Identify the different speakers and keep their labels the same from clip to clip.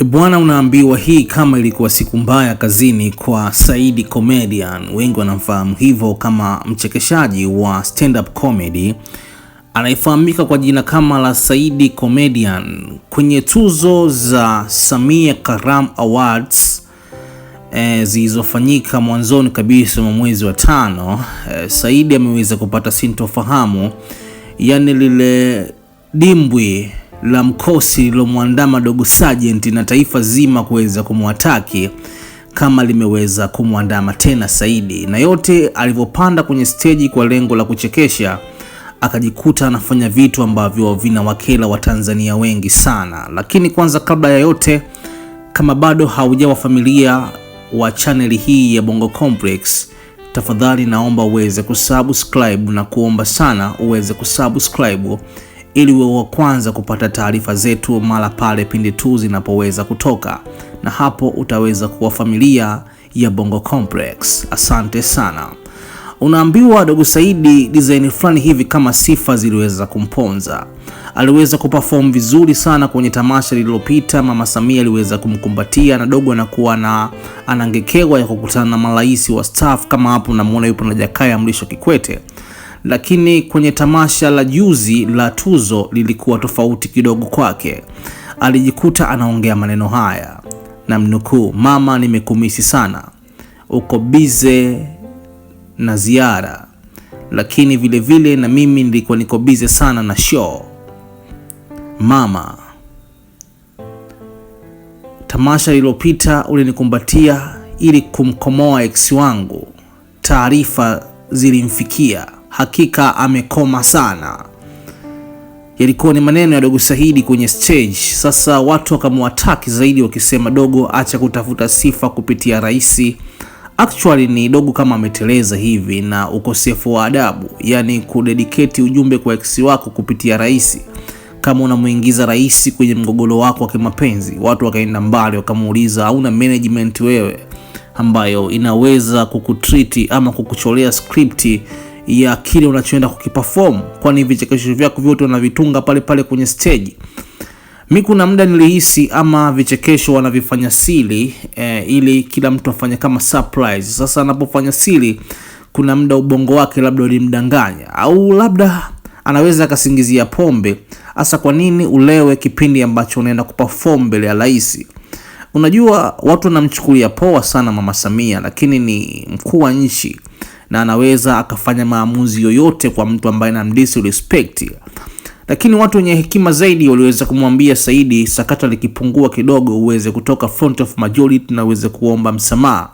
Speaker 1: Bwana, unaambiwa hii kama ilikuwa siku mbaya kazini kwa Saidi Comedian, wengi wanamfahamu hivyo kama mchekeshaji wa stand up comedy anayefahamika kwa jina kama la Saidi Comedian. Kwenye tuzo za Samia Karam Awards e, zilizofanyika mwanzoni kabisa mwa mwezi wa tano e, eh, Saidi ameweza kupata sintofahamu, yani lile dimbwi la mkosi lilomwandama dogo Sajenti na taifa zima kuweza kumwataki kama limeweza kumwandama tena Saidi, na yote alivyopanda kwenye steji kwa lengo la kuchekesha akajikuta anafanya vitu ambavyo vinawakela Watanzania wengi sana. Lakini kwanza, kabla ya yote, kama bado haujawa familia wa chaneli hii ya Bongo Complex, tafadhali naomba uweze kusubscribe na kuomba sana uweze kusubscribe ili uwe wa kwanza kupata taarifa zetu mara pale pindi tu zinapoweza kutoka, na hapo utaweza kuwa familia ya Bongo Complex. Asante sana. Unaambiwa dogo Saidi design fulani hivi kama sifa ziliweza kumponza. Aliweza kuperform vizuri sana kwenye tamasha lililopita. Mama Samia aliweza kumkumbatia na dogo anakuwa na anangekewa ya kukutana na marais wa staff kama hapo, namuona yupo na Jakaya Mrisho Kikwete lakini kwenye tamasha la juzi la tuzo lilikuwa tofauti kidogo kwake. Alijikuta anaongea maneno haya, namnukuu: mama, nimekumisi sana, uko bize na ziara, lakini vilevile vile na mimi nilikuwa niko bize sana na show mama. Tamasha lililopita ulinikumbatia ili kumkomoa ex wangu, taarifa zilimfikia hakika amekoma sana. Yalikuwa ni maneno ya Dogo sahidi kwenye stage. Sasa watu wakamwataki zaidi wakisema Dogo acha kutafuta sifa kupitia rais. Actually ni Dogo kama ameteleza hivi na ukosefu wa adabu, yaani kudediketi ujumbe kwa ex wako kupitia rais kama unamuingiza rais kwenye mgogoro wako wa kimapenzi. Watu wakaenda mbali, wakamuuliza hauna management wewe, ambayo inaweza kukutriti ama kukucholea skripti ya kile unachoenda kukiperform, kwani vichekesho vyako vyote unavitunga pale pale kwenye stage. Mi kuna muda nilihisi ama vichekesho wanavifanya siri eh, ili kila mtu afanye kama surprise. Sasa anapofanya siri, kuna muda ubongo wake labda ulimdanganya au labda anaweza akasingizia pombe. Hasa kwa nini ulewe kipindi ambacho unaenda kuperform mbele ya rais? Unajua watu wanamchukulia poa sana Mama Samia, lakini ni mkuu wa nchi na anaweza akafanya maamuzi yoyote kwa mtu ambaye anamdisrespect. Lakini watu wenye hekima zaidi waliweza kumwambia Saidi, sakata likipungua kidogo uweze kutoka front of majority na uweze kuomba msamaha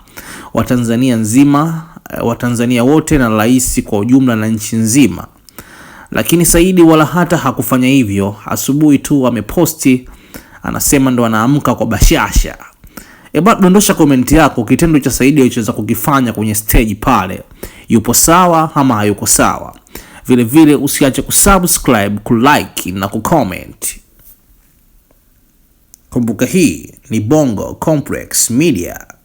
Speaker 1: Watanzania nzima, eh, Watanzania wote na rais kwa ujumla na nchi nzima. Lakini Saidi wala hata hakufanya hivyo. Asubuhi tu ameposti anasema ndo anaamka kwa bashasha. Eba, eh dondosha komenti yako, kitendo cha Saidi alichoweza kukifanya kwenye stage pale, yupo sawa ama hayuko sawa? Vilevile vile usiache kusubscribe, kulike na kucomment. Kumbuka hii ni Bongo Complex Media.